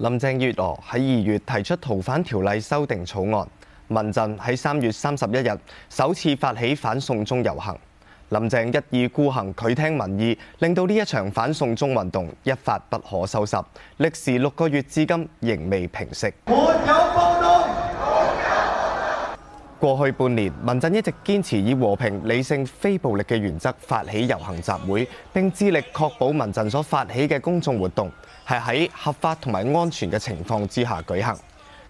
林鄭月娥喺二月提出逃犯條例修訂草案，民陣喺三月三十一日首次發起反送中遊行。林鄭一意孤行，拒聽民意，令到呢一場反送中運動一發不可收拾，歷時六個月至今仍未平息。過去半年，民陣一直堅持以和平、理性、非暴力嘅原則發起遊行集會，並致力確保民陣所發起嘅公眾活動係喺合法同埋安全嘅情況之下舉行。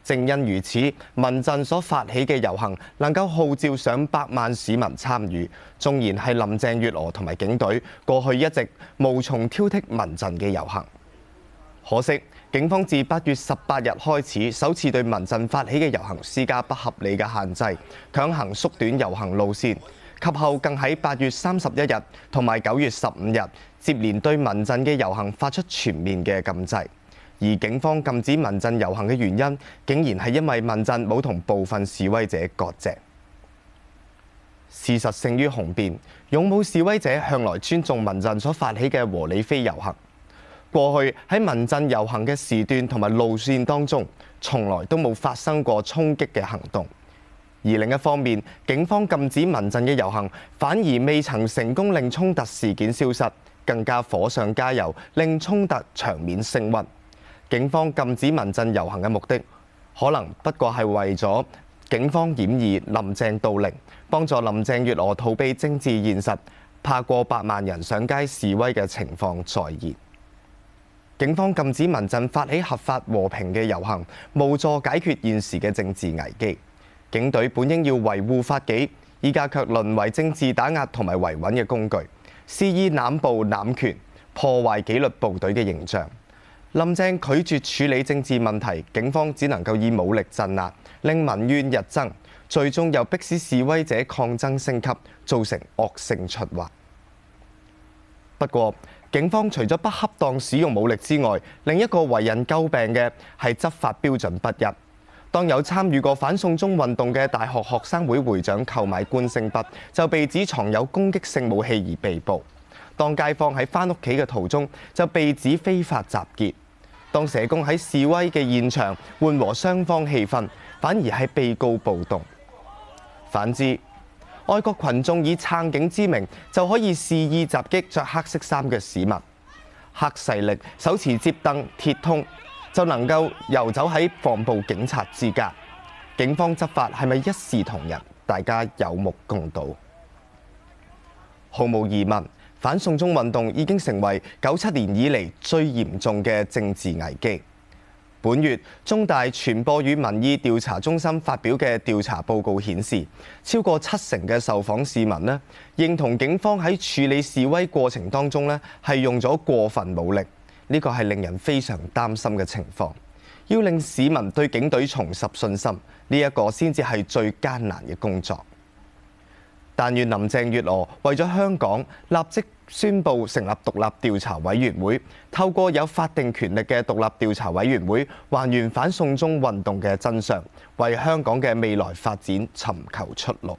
正因如此，民陣所發起嘅遊行能夠號召上百萬市民參與，縱然係林鄭月娥同埋警隊過去一直無從挑剔民陣嘅遊行，可惜。警方自八月十八日開始，首次對民陣發起嘅遊行施加不合理嘅限制，強行縮短遊行路線。及後更喺八月三十一日同埋九月十五日，接連對民陣嘅遊行發出全面嘅禁制。而警方禁止民陣遊行嘅原因，竟然係因為民陣冇同部分示威者割席。事實勝於雄辯，勇武示威者向來尊重民陣所發起嘅和理非遊行。過去喺民陣遊行嘅時段同埋路線當中，從來都冇發生過衝擊嘅行動。而另一方面，警方禁止民陣嘅遊行，反而未曾成功令衝突事件消失，更加火上加油，令衝突場面升溫。警方禁止民陣遊行嘅目的，可能不過係為咗警方掩耳，林鄭盜鈴，幫助林鄭月娥逃避政治現實，怕過百萬人上街示威嘅情況再現。警方禁止民陣發起合法和平嘅遊行，無助解決現時嘅政治危機。警隊本應要維護法紀，依家卻淪為政治打壓同埋維穩嘅工具，肆意濫暴濫權，破壞紀律部隊嘅形象。林鄭拒絕處理政治問題，警方只能夠以武力鎮壓，令民怨日增，最終又迫使示威者抗爭升級，造成惡性循環。不過，警方除咗不恰當使用武力之外，另一個為人詬病嘅係執法標準不一。當有參與過反送中運動嘅大學學生會會長購買觀星筆，就被指藏有攻擊性武器而被捕；當街坊喺返屋企嘅途中就被指非法集結；當社工喺示威嘅現場緩和雙方氣氛，反而係被告暴動。反之，外國群眾以撐警之名就可以肆意襲擊着黑色衫嘅市民，黑勢力手持摺凳、鐵通，就能夠遊走喺防暴警察之間。警方執法係咪一視同仁？大家有目共睹，毫無疑問，反送中運動已經成為九七年以嚟最嚴重嘅政治危機。本月中大傳播與民意調查中心發表嘅調查報告顯示，超過七成嘅受訪市民呢認同，警方喺處理示威過程當中呢係，用咗過分武力，呢個係令人非常擔心嘅情況，要令市民對警隊重拾信心，呢一個先至係最艱難嘅工作。但願林鄭月娥為咗香港，立即宣布成立獨立調查委員會，透過有法定權力嘅獨立調查委員會還原反送中運動嘅真相，為香港嘅未來發展尋求出路。